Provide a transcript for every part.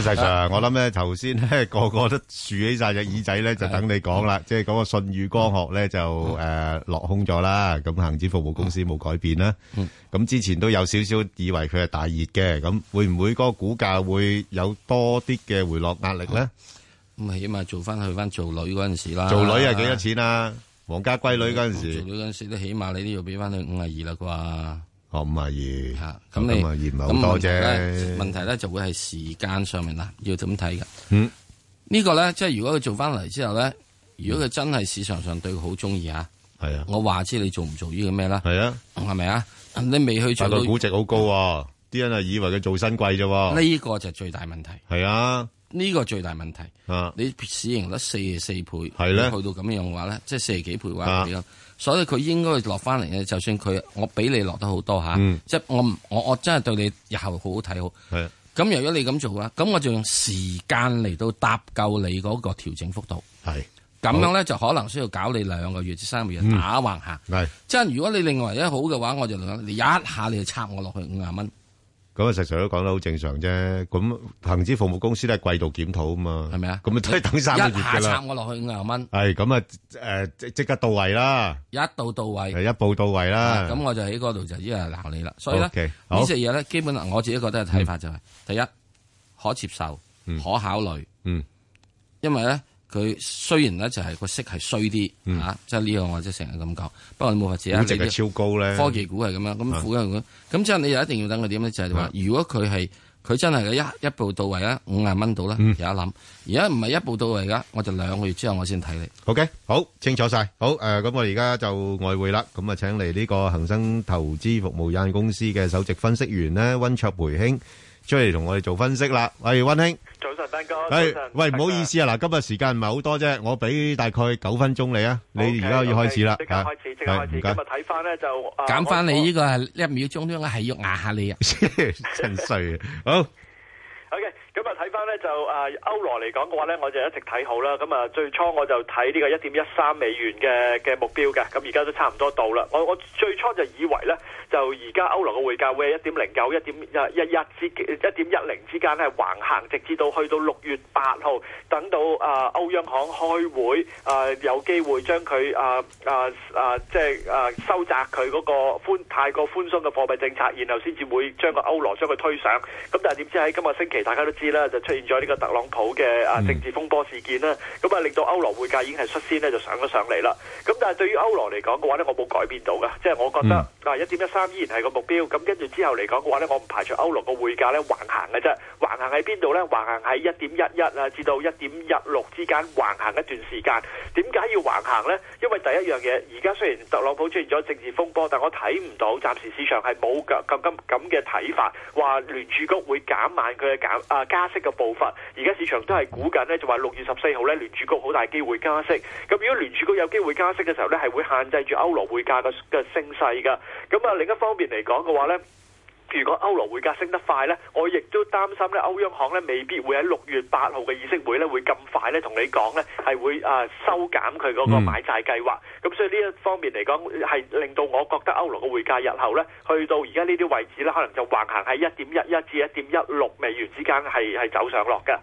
事實上，我諗咧頭先咧個個都豎起晒隻耳仔咧，就等你講啦。即係嗰個信譽光學咧就誒落空咗啦。咁恒指服務公司冇改變啦。咁之前都有少少以為佢係大熱嘅。咁會唔會嗰個股價會有多啲嘅回落壓力咧？咁起碼做翻去翻做女嗰陣時啦。做女係幾多錢啊？皇家閨女嗰陣時，做女嗰陣時都起碼你都要俾翻佢五啊二啦啩。哦，五萬二，咁你五萬二唔多啫。問題咧就會係時間上面啦，要點睇嘅？嗯，個呢個咧即係如果佢做翻嚟之後咧，如果佢真係市場上對佢好中意啊，係啊、嗯，我話知你，你做唔做呢個咩啦？係啊的，係咪啊？你未去做到估值好高，啊、啲，嗯、人係以為佢做新貴啫，啊。呢，嗯，個就係最大問題。係啊。呢個最大問題，啊、你市盈率四十四倍，係呢去到咁樣嘅話咧，即係四十幾倍話嚟、啊、所以佢應該落翻嚟嘅。就算佢我俾你落得好多嚇、嗯啊，即係我我我真係對你日後好好睇好。咁、嗯、如果你咁做嘅話，咁我就用時間嚟到搭夠你嗰個調整幅度。係咁是樣咧，嗯、就可能需要搞你兩個月至三個月、嗯、打橫行。是即係如果你另外一好嘅話，我就嚟你一,一下你就插我落去五啊蚊。咁啊，實在都講得好正常啫。咁恒指服務公司都係季度檢討啊嘛，係咪啊？咁啊，都係等三個月嘅啦。一下插我落去，五十蚊。係咁啊，誒即即刻到位啦！一度到位，一步到位啦。咁我就喺嗰度就依家鬧你啦。所以咧，呢隻嘢咧，基本我自己覺得嘅睇法就係：第一，可接受，可考慮。嗯，因為咧。佢雖然咧就係個息係衰啲嚇，即係呢個我即係成日咁講。不過你冇法子，股值係超高咧，科技股係咁樣。咁股息股咁之後你又一定要等佢點咧？就係、是、話、啊、如果佢係佢真係一一步到位咧，五廿蚊到啦，有一諗而家唔係一步到位噶，我就兩個月之後我先睇你。O、okay, K，好清楚晒。好誒，咁、呃、我而家就外匯啦。咁啊請嚟呢個恒生投資服務有限公司嘅首席分析員咧温灼培兄出嚟同我哋做分析啦。喂，温兄。喂，唔好意思啊，嗱，今日時間唔係好多啫，我俾大概九分鐘你啊，你而家可以開始啦，即刻開始，即刻開始。今日睇翻咧就減翻你呢個一秒鐘應該係要壓下你啊，真衰啊，好，OK，咁啊睇翻咧就啊歐羅嚟講嘅話咧，我就一直睇好啦，咁啊最初我就睇呢個一點一三美元嘅嘅目標嘅，咁而家都差唔多到啦，我我最初就以為咧。就而家歐羅嘅匯價會係一點零九、一點一、一、一之一點一零之間係橫行，直至到去到六月八號，等到啊、呃、歐央行開會啊、呃，有機會將佢啊啊啊即係啊、呃、收窄佢嗰個寬太過寬鬆嘅貨幣政策，然後先至會將個歐羅將佢推上。咁但係點知喺今日星期，大家都知啦，就出現咗呢個特朗普嘅啊政治風波事件啦。咁啊令到歐羅匯價已經係率先咧就上咗上嚟啦。咁但係對於歐羅嚟講嘅話呢，我冇改變到嘅，即係我覺得啊一點一依然係個目標，咁跟住之後嚟講嘅話呢，我唔排除歐羅個匯價咧橫行嘅啫，橫行喺邊度呢？橫行喺一點一一啊，至到一點一六之間橫行一段時間。點解要橫行呢？因為第一樣嘢，而家雖然特朗普出現咗政治風波，但我睇唔到暫時市場係冇咁咁咁嘅睇法，話聯儲局會減慢佢嘅減啊加息嘅步伐。而家市場都係估緊呢，就話六月十四號呢，聯儲局好大機會加息。咁如果聯儲局有機會加息嘅時候呢，係會限制住歐羅匯價嘅嘅升勢嘅。咁啊，一方面嚟講嘅話咧。如果歐羅匯價升得快呢，我亦都擔心咧，歐央行咧未必會喺六月八號嘅議息會咧，會咁快咧同你講咧，係會啊收減佢嗰個買債計劃。咁所以呢一方面嚟講，係令到我覺得歐羅嘅匯價日後呢，去到而家呢啲位置呢，可能就橫行喺一點一一至一點一六美元之間，係係走上落嘅。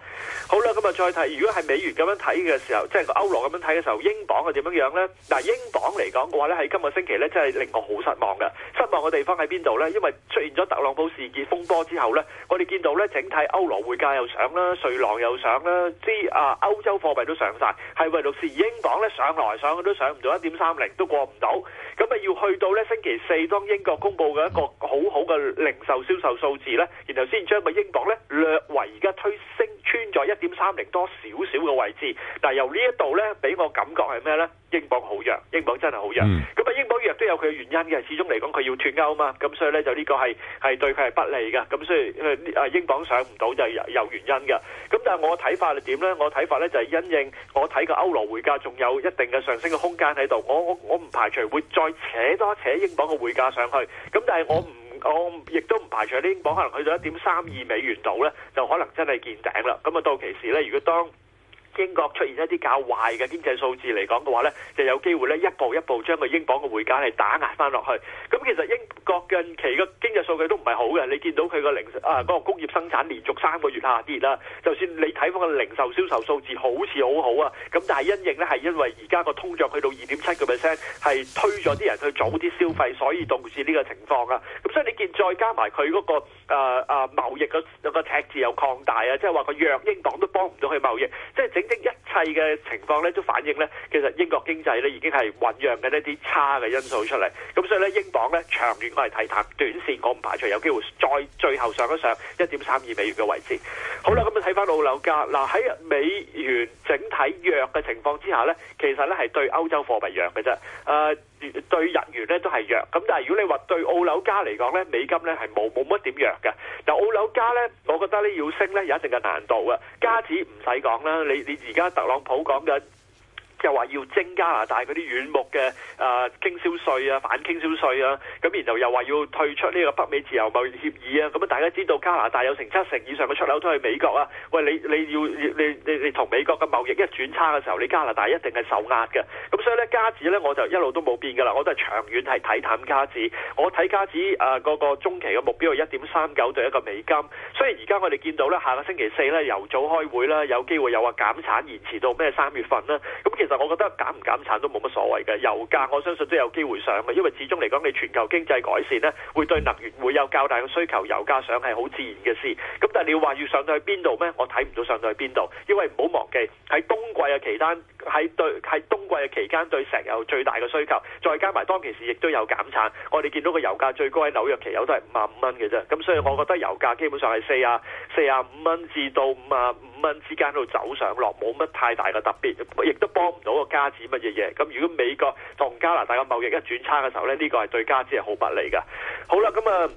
好啦，咁啊再睇，如果係美元咁樣睇嘅時候，即係歐羅咁樣睇嘅時候，英鎊係點樣樣呢？嗱，英鎊嚟講嘅話呢喺今個星期呢，真係令我好失望嘅。失望嘅地方喺邊度呢？因為出現咗。特朗普事件風波之後呢，我哋見到呢，整體歐羅匯價又上啦，瑞郎又上啦，啲啊歐洲貨幣都上晒。係唯獨是英鎊呢上來上去都上唔到一點三零，都過唔到，咁啊要去到呢星期四，當英國公佈嘅一個好好嘅零售銷售數字呢，然後先將個英鎊呢略為而家推升。穿咗一點三零多少少嘅位置，但係由呢一度咧，俾我感覺係咩咧？英鎊好弱，英鎊真係好弱。咁啊，英鎊弱都有佢嘅原因嘅，始終嚟講佢要脫歐嘛，咁所以咧就呢個係係對佢係不利嘅。咁所以啊，英鎊上唔到就係有有原因嘅。咁但係我睇法係點咧？我睇法咧就係因應我睇個歐羅匯價仲有一定嘅上升嘅空間喺度，我我我唔排除會再扯多扯英鎊嘅匯價上去。咁但係我唔。我亦都唔排除呢，英鎊可能去到一點三二美元度咧，就可能真係見頂啦。咁啊，到期時咧，如果當英國出現一啲較壞嘅經濟數字嚟講嘅話呢，就有機會呢，一步一步將個英鎊嘅匯價係打壓翻落去。咁其實英國近期嘅經濟數據都唔係好嘅，你見到佢個零啊嗰個工業生產連續三個月下跌啦。就算你睇翻個零售銷售數字好似好好啊，咁但係因應呢係因為而家個通脹去到二點七個 percent，係推咗啲人去早啲消費，所以導致呢個情況啊。咁所以你見再加埋佢嗰個啊啊貿易個個赤字又擴大啊，即係話個弱英鎊都幫唔到佢貿易，即係整。一切嘅情況咧，都反映咧，其實英國經濟咧已經係醞釀緊一啲差嘅因素出嚟。咁所以咧，英鎊咧長遠我係睇淡，短線我唔排除有機會再最後上一上一點三二美元嘅位置。好啦，咁啊睇翻歐羅價。嗱，喺美元整體弱嘅情況之下咧，其實咧係對歐洲貨幣弱嘅啫。誒、呃。對日元咧都係弱，咁但係如果你話對澳紐加嚟講咧，美金咧係冇冇乜點弱嘅。但澳紐加咧，我覺得咧要升咧有一定嘅難度啊。加紙唔使講啦，你你而家特朗普講嘅。又話要徵加拿大嗰啲軟木嘅誒傾銷稅啊、反傾銷稅啊，咁然後又話要退出呢個北美自由貿易協議啊，咁啊大家知道加拿大有成七成以上嘅出口都係美國啊。喂，你你要你你你同美國嘅貿易一轉差嘅時候，你加拿大一定係受壓嘅。咁所以咧，加紙咧我就一路都冇變噶啦，我都係長遠係睇淡加紙。我睇加紙誒、呃、個個中期嘅目標係一點三九對一個美金。雖然而家我哋見到咧，下個星期四咧由早開會啦，有機會又話減產延遲到咩三月份啦。咁其實我覺得減唔減產都冇乜所謂嘅，油價我相信都有機會上嘅，因為始終嚟講你全球經濟改善呢，會對能源會有較大嘅需求，油價上係好自然嘅事。咁但係你要話要上到去邊度咩？我睇唔到上到去邊度，因為唔好忘記喺冬季嘅期間，喺對喺冬季嘅期間對石油最大嘅需求，再加埋當其時亦都有減產，我哋見到個油價最高喺紐約期油都係五啊五蚊嘅啫。咁所以我覺得油價基本上係四啊四啊五蚊至到五啊五。之間喺度走上落，冇乜太大嘅特別，亦都幫唔到個加紙乜嘢嘢。咁如果美國同加拿大嘅貿易一轉差嘅時候咧，呢、呢個係對加紙係好不利㗎。好啦，咁啊。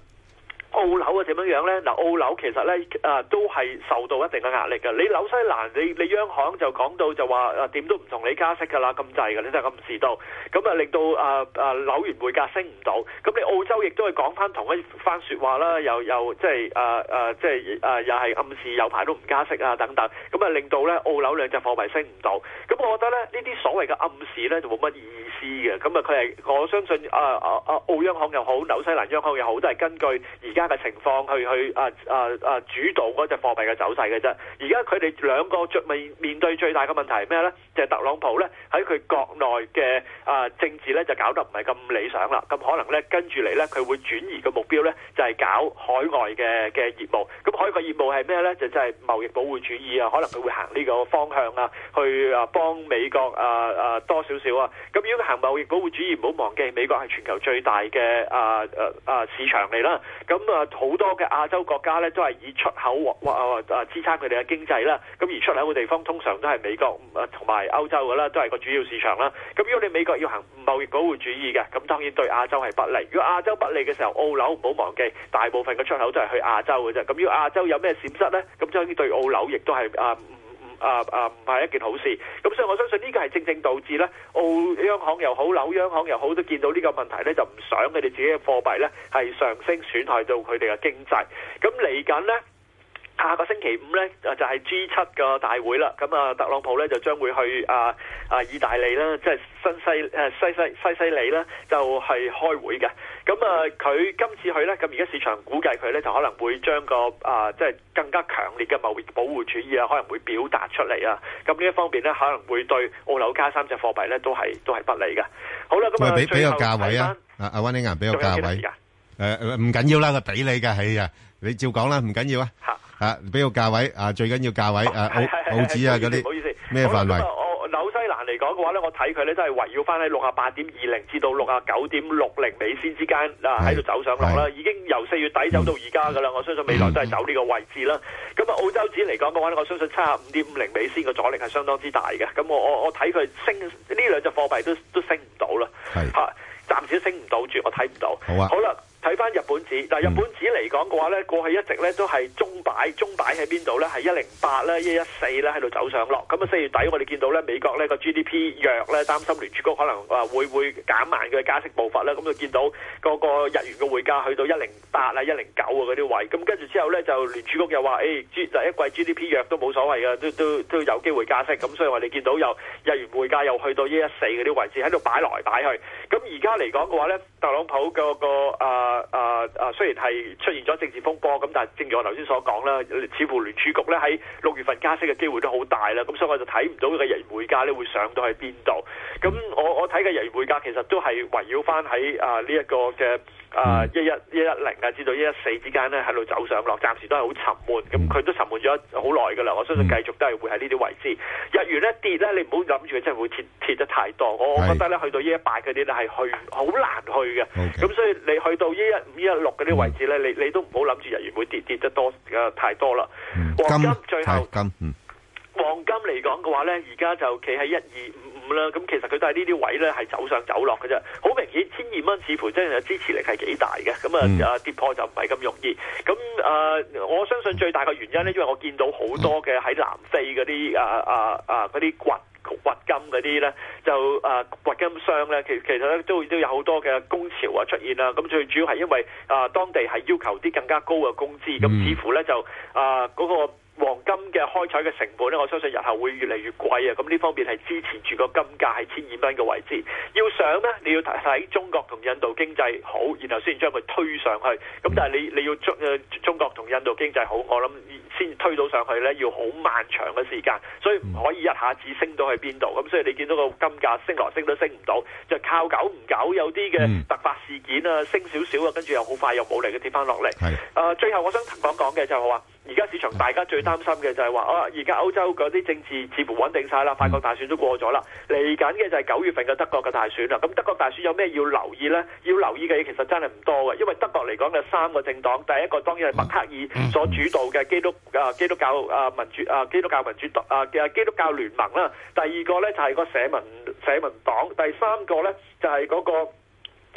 澳紐啊，點樣樣咧，嗱澳紐其實呢，啊、呃，都係受到一定嘅壓力嘅。你紐西蘭，你你央行就講到就話啊，點都唔同你加息㗎啦，咁滯嘅，你都係暗示到，咁啊令到啊啊紐元匯價升唔到。咁你澳洲亦都係講翻同一番説話啦，又又即係啊啊即係啊，又係、呃呃呃呃、暗示有排都唔加息啊等等。咁啊令到呢澳紐兩隻貨幣升唔到。咁我覺得咧呢啲所謂嘅暗示呢，就冇乜意義。知嘅，咁啊，佢係我相信啊啊啊，澳央行又好，紐西蘭央行又好，都係根據而家嘅情況去去啊啊啊，主導嗰隻貨幣嘅走勢嘅啫。而家佢哋兩個最未面對最大嘅問題係咩呢？就係特朗普呢，喺佢國內嘅啊政治呢，就搞得唔係咁理想啦。咁可能呢，跟住嚟呢，佢會轉移個目標呢，就係搞海外嘅嘅業務。咁海外業務係咩呢？就即係貿易保護主義啊，可能佢會行呢個方向啊，去啊幫美國啊啊多少少啊。咁如果行貿易保護主義，唔好忘記，美國係全球最大嘅啊啊啊市場嚟啦，咁啊好多嘅亞洲國家咧都係以出口或啊啊，啊支撐佢哋嘅經濟啦，咁、啊、而出口嘅地方通常都係美國啊同埋歐洲噶啦，都係個主要市場啦。咁、啊、如果你美國要行貿易保護主義嘅，咁當然對亞洲係不利。如果亞洲不利嘅時候，澳洲唔好忘記，大部分嘅出口都係去亞洲嘅啫。咁、啊、如果亞洲有咩閃失咧，咁將對澳洲亦都係啊。啊啊，唔係一件好事。咁所以我相信呢個係正正導致呢澳央行又好、紐央行又好，都見到呢個問題呢，就唔想佢哋自己嘅貨幣呢係上升，損害到佢哋嘅經濟。咁嚟緊呢。下個星期五咧，就就是、係 G 七個大會啦。咁、嗯、啊，特朗普咧就將會去啊啊，意大利啦，即係新西、啊、西西西西西里啦，就係、是、開會嘅。咁、嗯、啊，佢今次去咧，咁而家市場估計佢咧就可能會將個啊，即、就、係、是、更加強烈嘅貿易保護主義啊，可能會表達出嚟啊。咁呢一方面咧，可能會對澳紐加三隻貨幣咧都係都係不利嘅。好啦，咁、嗯、啊，俾俾個價位啊，阿阿温尼亞俾個價位，誒唔緊要啦，佢俾你嘅係啊，你照講啦，唔緊要啊。吓，俾個價位，啊，最緊要價位，啊，澳澳紙啊，嗰啲，唔好意思，咩範圍？咁啊，我紐西蘭嚟講嘅話咧，我睇佢咧都係圍繞翻喺六啊八點二零至到六啊九點六零美仙之間啊，喺度走上落啦，已經由四月底走到而家噶啦，我相信未來都係走呢個位置啦。咁啊，澳洲紙嚟講嘅話咧，我相信七啊五點五零美仙嘅阻力係相當之大嘅。咁我我我睇佢升呢兩隻貨幣都都升唔到啦。係吓，暫時升唔到住，我睇唔到。好啊，好啦。睇翻日本紙，但日本紙嚟講嘅話咧，過去一直咧都係鐘擺，鐘擺喺邊度咧？係一零八啦，一一四咧，喺度走上落。咁啊，四月底我哋見到咧，美國呢個 GDP 弱咧，擔心聯儲局可能話會會減慢佢嘅加息步伐咧。咁就見到個個日元嘅匯價去到一零八啊，一零九啊嗰啲位。咁跟住之後咧，就聯儲局又話，誒、哎，就一季 GDP 弱都冇所謂啊，都都都有機會加息。咁所以我哋見到又日元匯價又去到一一四嗰啲位置喺度擺來擺去。咁而家嚟講嘅話咧。特朗普個個啊啊啊，雖然係出現咗政治風波，咁但係正如我頭先所講啦，似乎聯儲局咧喺六月份加息嘅機會都好大啦，咁所以我就睇唔到佢嘅日元匯價咧會上到去邊度咁。日元匯價其實都係圍繞翻喺啊呢一個嘅啊一一一一零啊至到一一四之間咧喺度走上落，暫時都係好沉悶。咁佢、嗯、都沉悶咗好耐噶啦，我相信繼續都係會喺呢啲位置。嗯、日元咧跌咧，你唔好諗住佢真係會跌跌得太多。我，我覺得咧去到一一八嗰啲咧係去好難去嘅。咁 Okay. 所以你去到一一五、一一六嗰啲位置咧，你、嗯、你都唔好諗住日元會跌跌得多、啊、太多啦。黃金最後。金金嗯嚟講嘅話呢，而家就企喺一二五五啦。咁其實佢都係呢啲位呢，係走上走落嘅啫。好明顯，千二蚊似乎真係支持力係幾大嘅。咁啊啊，跌破就唔係咁容易。咁啊，我相信最大嘅原因呢，因為我見到好多嘅喺南非嗰啲啊啊啊嗰啲掘掘金嗰啲呢，就啊掘金商呢，其其實呢都都有好多嘅工潮啊出現啦。咁最主要係因為啊當地係要求啲更加高嘅工資，咁似乎呢就啊嗰個。黃金嘅開採嘅成本咧，我相信日後會越嚟越貴啊！咁呢方面係支持住個金價係千二蚊嘅位置。要上呢，你要睇中國同印度經濟好，然後先將佢推上去。咁但係你你要中、呃、中國同印度經濟好，我諗先推到上去呢，要好漫長嘅時間，所以唔可以一下子升到去邊度。咁所以你見到個金價升落升都升唔到，就靠久唔久有啲嘅突發事件啊，升少少啊，跟住又好快又冇力嘅跌翻落嚟。係的、呃、最後我想講講嘅就係、是、話。而家市場大家最擔心嘅就係話啊，而家歐洲嗰啲政治似乎穩定晒啦，法國大選都過咗啦，嚟緊嘅就係九月份嘅德國嘅大選啦。咁德國大選有咩要留意呢？要留意嘅嘢其實真係唔多嘅，因為德國嚟講有三個政黨，第一個當然係默克爾所主導嘅基督啊基督教啊民主啊基督教民主啊嘅基督教聯盟啦，第二個呢就係個社民社民黨，第三個呢就係嗰個。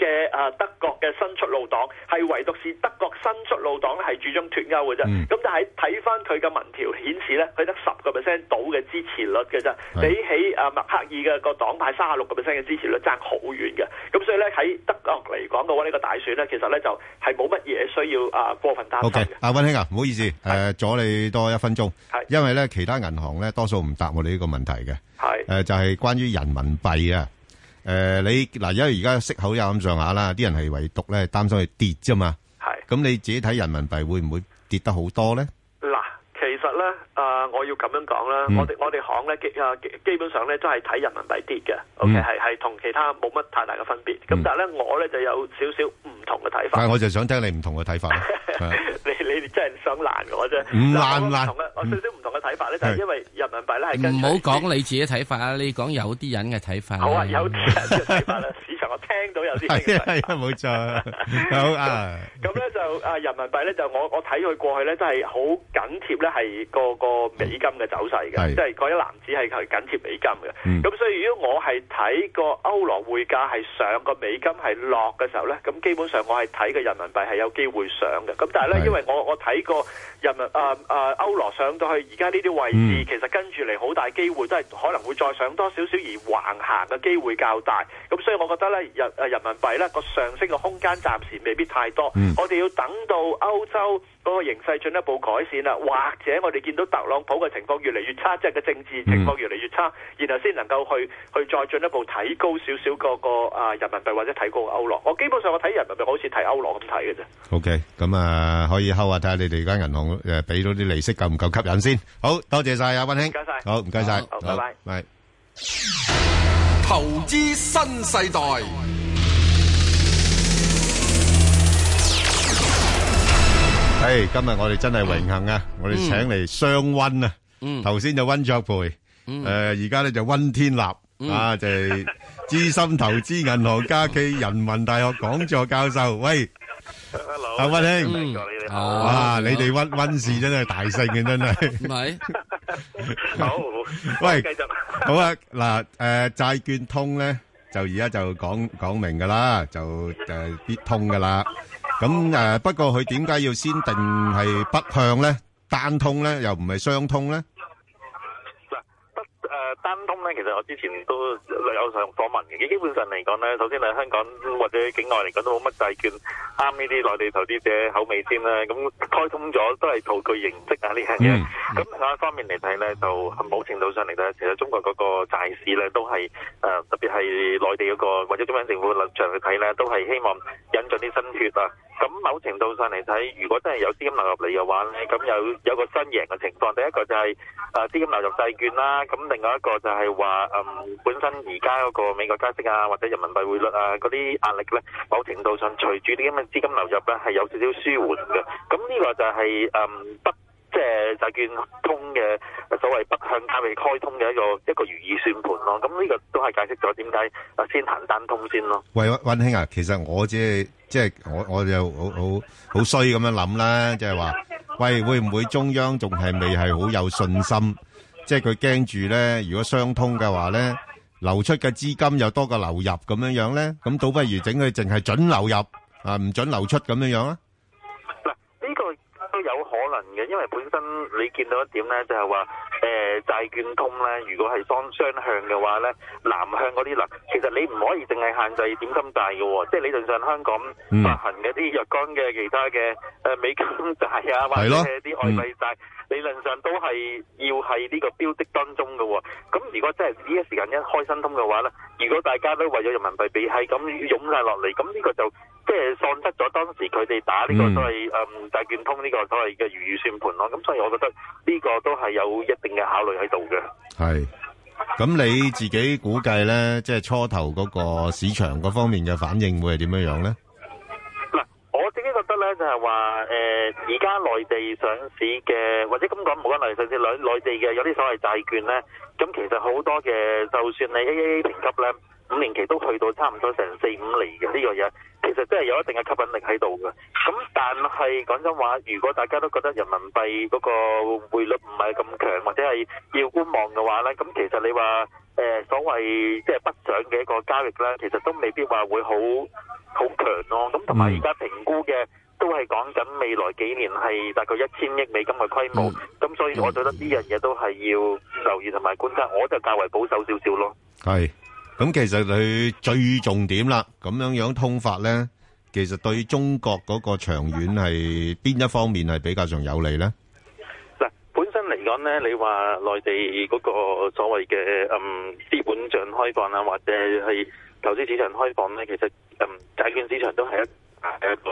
嘅啊，德國嘅新出路黨係唯獨是德國新出路黨咧，係主張脫歐嘅啫。咁就係睇翻佢嘅民調顯示咧，佢得十個 percent 倒嘅支持率嘅啫，的比起啊默克爾嘅個黨派三十六個 percent 嘅支持率爭好遠嘅。咁所以咧，喺德國嚟講嘅話，呢、呢個大選咧，其實咧，就係冇乜嘢需要啊過分擔心嘅。阿溫兄啊，唔好意思，誒的、呃、阻你多一分鐘，係的因為咧，其他銀行咧多數唔答我哋呢個問題嘅，係誒就係關於人民幣啊。誒、呃，你嗱，因為而家息口有咁上下啦，啲人係唯獨咧擔心佢跌啫嘛。係是，咁你自己睇人民幣會唔會跌得好多咧？啊！我要咁樣講啦，我哋我哋行咧基啊基本上咧都係睇人民幣跌嘅，OK 係係同其他冇乜太大嘅分別。咁但係咧我咧就有少少唔同嘅睇法。但係我就想聽你唔同嘅睇法。你你哋真係想難我啫？唔難唔難。我少少唔同嘅睇法咧，就係因為人民幣咧係唔好講你自己嘅睇法啊！你講有啲人嘅睇法。好啊，有啲人嘅睇法啦，市場我聽到有啲睇法。係啊，冇錯。好啊。咁咧就啊，人民幣咧就我我睇佢過去咧都係好緊貼咧係個個。美金嘅走勢嘅，是即係嗰一藍字籃子係緊貼美金嘅。咁、嗯、所以如果我係睇個歐羅匯價係上個美金係落嘅時候咧，咁基本上我係睇個人民幣係有機會上嘅。咁但係咧，是因為我我睇個人民啊啊、呃呃、歐羅上到去而家呢啲位置，嗯、其實跟住嚟好大機會都係可能會再上多少少而橫行嘅機會較大。咁所以我覺得咧，人啊人民幣咧、個上升嘅空間暫時未必太多。嗯、我哋要等到歐洲嗰個形勢進一步改善啦，或者我哋見到特朗普嘅情況越嚟越差，即係個政治情況越嚟越差，嗯、然後先能夠去去再進一步提高少少個個啊人民幣，或者提高個歐羅。我基本上我睇人民幣，好似睇歐羅咁睇嘅啫。O K，咁啊可以敲下睇下你哋間銀行誒俾、啊、到啲利息夠唔夠吸引先。好多謝晒啊，溫兄，謝謝好唔該晒，謝謝好拜拜，投資新世代。係今日我哋真係榮幸啊！我哋請嚟雙温啊，頭先就温灼培，誒而家咧就温天納啊，就係資深投資銀行家、暨人民大學講座教授。喂，hello，阿温兄，唔該你哋，啊你哋温温氏真係大勝嘅，真係。唔係，好，喂，好啊嗱，誒債券通咧就而家就講講明噶啦，就誒必通噶啦。咁誒、啊、不過佢點解要先定係北向咧？單通咧又唔係雙通咧？嗱，北誒單通咧，其實我之前都有上訪問嘅。基本上嚟講咧，首先喺香港或者境外嚟講都冇乜債券啱呢啲內地投資者口味先啦。咁開通咗都係圖佢認識啊呢樣嘢。咁、嗯、另一方面嚟睇咧，就某程度上嚟睇，其實中國嗰個債市咧都係誒、呃、特別係內地嗰個、那個或者中央政府立場去睇咧，都係希望引進啲新血啊。咁某程度上嚟睇，如果真係有資金流入嚟嘅話，咧，咁有有個新贏嘅情況。第一個就係啊，資金流入債券啦，咁另外一個就係話，嗯，本身而家嗰個美國加息啊，或者人民幣匯率啊嗰啲壓力咧，某程度上隨住啲咁嘅資金流入咧，係有少少舒緩嘅。咁呢個就係、是、嗯不。即係就見通嘅所謂北向交易開通嘅一個一個如意算盤咯。咁呢個都係解釋咗點解先行單通先咯。喂，溫兄啊，其實我即係即係我我就好好好衰咁樣諗啦，即係話喂會唔會中央仲係未係好有信心？即係佢驚住咧，如果雙通嘅話咧，流出嘅資金又多過流入咁樣樣咧，咁倒不如整佢淨係準流入啊，唔準流出咁樣樣啊？嘅，因為本身你見到一點咧，就係話誒債券通咧，如果係雙雙向嘅話咧，南向嗰啲啦，其實你唔可以淨係限制點心債嘅喎，即係理論上香港發行嘅啲若干嘅其他嘅誒、呃、美金債啊，或者啲外幣債。嗯理論上都係要係呢個標的當中嘅喎，咁如果真係呢一時間一開新通嘅話呢，如果大家都為咗人民幣避險咁湧曬落嚟，咁呢個就即係喪失咗當時佢哋打呢個所謂誒債券通呢個所謂嘅如意算盤咯。咁所以我覺得呢個都係有一定嘅考慮喺度嘅。係，咁你自己估計呢？即係初頭嗰個市場嗰方面嘅反應會係點樣樣咧？咧就係話誒，而、呃、家內地上市嘅或者咁講，唔好講內地上市，內內地嘅有啲所謂債券咧，咁其實好多嘅，就算你 AAA 評級咧，五年期都去到差唔多成四五厘嘅呢、這個嘢，其實都係有一定嘅吸引力喺度嘅。咁但係講真話，如果大家都覺得人民幣嗰個匯率唔係咁強，或者係要觀望嘅話咧，咁其實你話誒、呃、所謂即係、就是、不漲嘅一個交易咧，其實都未必話會好好強咯、啊。咁同埋而家評估嘅。都係講緊未來幾年係大概一千億美金嘅規模，咁、嗯嗯、所以我覺得呢樣嘢都係要留意同埋觀察，嗯、我就較為保守少少咯。係，咁其實佢最重點啦，咁樣樣通法呢，其實對中國嗰個長遠係邊一方面係比較上有利呢？嗱，本身嚟講呢，你話內地嗰個所謂嘅嗯資本賬戶開放啊，或者係投資市場開放呢，其實嗯債券市場都係一係一個。一個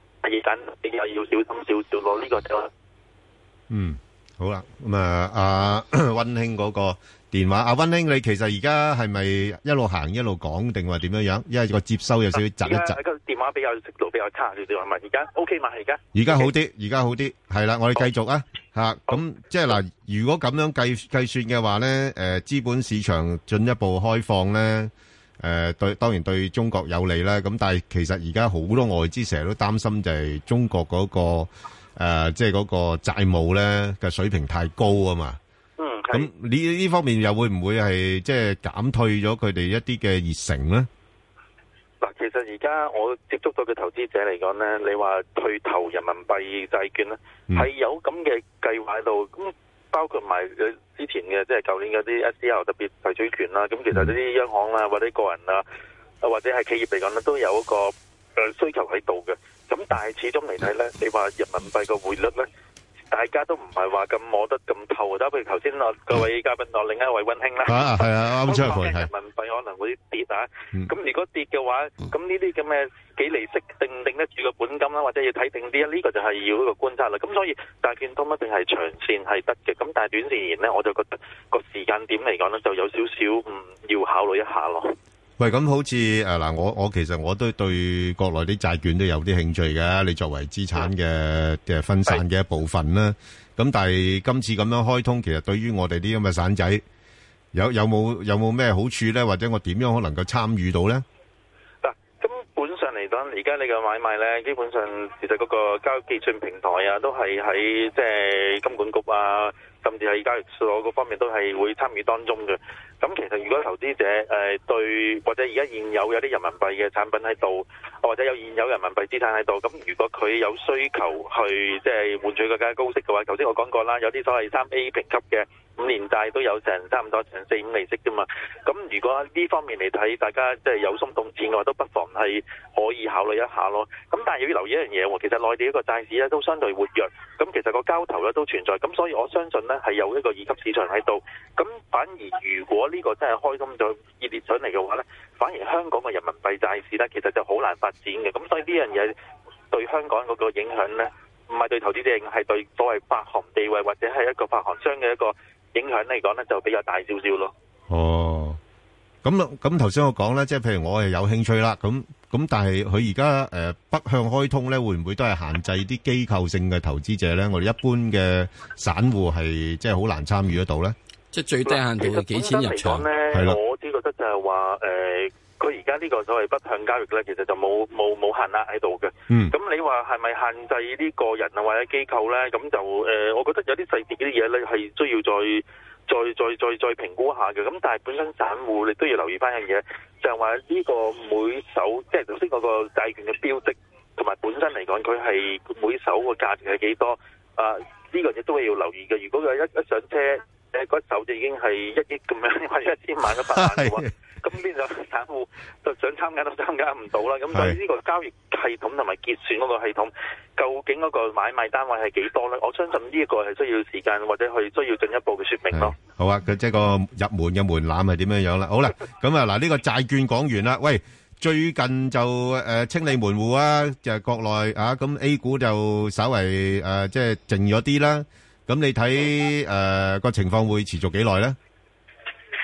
第二陣你又要小心少少攞呢個咗。嗯，好啦，咁啊，阿溫馨嗰個電話，阿、啊、溫馨，你其實而家係咪一路行一路講定話點樣樣？因為個接收有少少窒一窒。而家個電話比較速度比較差，你話係咪？而家 OK 嘛？而家？而家好啲，而家 OK？好啲。係啦，我哋繼續啊。吓、oh. 啊，咁、oh. 即係嗱，如果咁樣計計算嘅話咧，誒，資本市場進一步開放咧。誒，對，當然對中國有利啦。咁但係其實而家好多外資成日都擔心就係中國嗰個誒，即係嗰個債務咧嘅水平太高啊嘛。嗯。咁呢呢方面又會唔會係即係減退咗佢哋一啲嘅熱誠咧？嗱，其實而家我接觸到嘅投資者嚟講咧，你話退投人民幣債券咧，係有咁嘅計劃喺度。包括埋你之前嘅即係舊年嗰啲 s i 特別提取權啦，咁、mm。其實呢啲央行啦、啊、或者個人啊，或者係企業嚟講咧，都有一個誒需求喺度嘅。咁但係始終嚟睇咧，你話人民幣嘅匯率咧？大家都唔係話咁摸得咁透，打譬如頭先我各位嘉賓落另一位温兄啦，係啊，啱出、 啊啊、人民幣可能會跌嚇，咁、嗯、如果跌嘅話，咁呢啲咁嘅幾釐息定定得住個本金啦，或者要睇定啲啊，呢、這個就係要一個觀察啦。咁所以債券通一定係長線係得嘅，咁但係短時而言呢，我就覺得個時間點嚟講呢，就有少少唔要考慮一下咯。喂，咁好似誒嗱，我我其實我都對國內啲債券都有啲興趣嘅。你作為資產嘅嘅分散嘅一部分啦，咁但係今次咁樣開通，其實對於我哋啲咁嘅散仔，有有冇有冇咩好處咧？或者我點樣可能夠參與到咧？嗱，根本上嚟講，而家你嘅買賣咧，基本上其實嗰個交易結算平台啊，都係喺即係金管局啊，甚至係交易所各方面都係會參與當中嘅。咁其實如果投資者誒，對或者而家現有有啲人民幣嘅產品喺度，或者有現有人民幣資產喺度，咁如果佢有需求去即係換取更加高息嘅話，頭先我講過啦，有啲所謂三 A 評級嘅五年債都有成差唔多成四五釐息啫嘛。咁如果呢方面嚟睇，大家即係有心動錢嘅話，都不妨係可以考慮一下咯。咁但係要留意一樣嘢喎，其實內地一個債市咧都相對活躍，咁其實個交投咧都存在，咁所以我相信呢係有一個二級市場喺度咁。反而，如果呢個真係開通咗熱烈上嚟嘅話呢，反而香港嘅人民幣債市呢，其實就好難發展嘅。咁所以呢樣嘢對香港嗰個影響呢，唔係對投資者，係對所謂發行地位或者係一個發行商嘅一個影響嚟講呢，就比較大少少咯。哦，咁咁頭先我講呢，即係譬如我係有興趣啦，咁咁但係佢而家誒北向開通呢，會唔會都係限制啲機構性嘅投資者呢？我哋一般嘅散戶係，即係好難參與得到呢。即係最低限定幾千人場咧，我啲覺得就係話誒，佢而家呢個所謂北向交易咧，其實就冇冇冇限額喺度嘅。嗯，咁你話係咪限制呢個人啊或者機構咧？咁就誒、呃，我覺得有啲細節啲嘢咧係需要再再再再再評估一下嘅。咁但係本身散戶你都要留意翻一樣嘢，就係話呢個每手即係頭先嗰個債券嘅標的，同埋本身嚟講佢係每手個價值係幾多啊？呢、呃這個嘢都係要留意嘅。如果佢一一上車誒，嗰手就已經係一億咁樣，或者一千萬、一百萬嘅話，咁邊度散戶就想參加都參加唔到啦。咁所以呢個交易系統同埋結算嗰個系統，究竟嗰個買賣單位係幾多咧？我相信呢個係需要時間或者去需要進一步嘅說明咯。好啊，佢即係個入門嘅門檻係點樣樣啦？好啦，咁啊嗱，呢個債券講完啦。喂，最近就誒清理門戶啊，就國內啊，咁 A 股就稍為誒即係靜咗啲啦。咁你睇誒個情況會持續幾耐呢？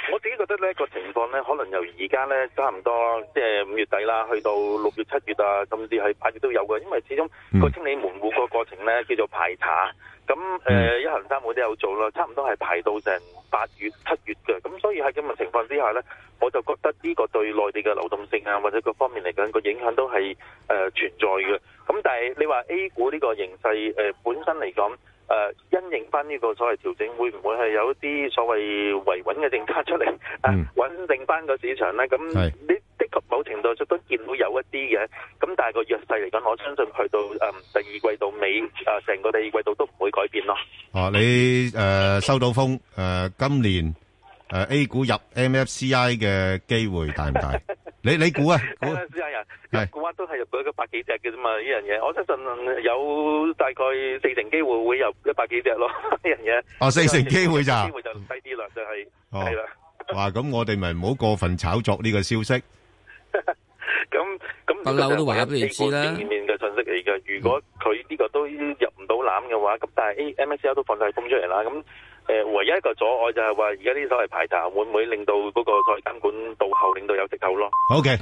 我自己覺得呢、呢個情況呢，可能由而家呢差唔多，即係五月底啦，去到六月、七月啊，甚至係八月都有嘅。因為始終個清理門戶個過程呢叫做排查，咁誒、呃嗯、一行三會都有做啦，差唔多係排到成八月、七月嘅。咁所以喺咁嘅情況之下呢，我就覺得呢個對內地嘅流動性啊，或者各方面嚟講個影響都係誒、呃、存在嘅。咁但係你話 A 股呢個形勢誒、呃、本身嚟講，誒、呃，因應翻呢個所謂調整，會唔會係有一啲所謂維穩嘅政策出嚟，誒、嗯，穩、啊、定翻個市場咧？咁、嗯、呢是的確某程度上都見到有一啲嘅，咁但係個弱勢嚟講，我相信去到誒、呃、第二季度尾，誒、呃，成個第二季度都唔會改變咯。哦、啊，你誒、呃、收到風誒、呃，今年誒、呃、A 股入 M F C I 嘅機會大唔大？你你估啊？估下人，估下都係入到一百幾隻嘅啫嘛，呢樣嘢。我相信有大概四成機會會入一百幾隻咯，呢樣嘢。哦，四成機會咋？機會就低啲啦，就係係啦。話，咁我哋咪唔好過分炒作呢個消息。咁咁，不嬲都懷疑呢啲先啦。面面嘅信息嚟嘅，如果佢呢個都入唔到籃嘅話，咁但係 A M S L 都放曬風出嚟啦，咁。誒唯一一個阻礙就係話而家呢啲所謂排查，會唔會令到個所謂監管到後令到有折扣咯？OK。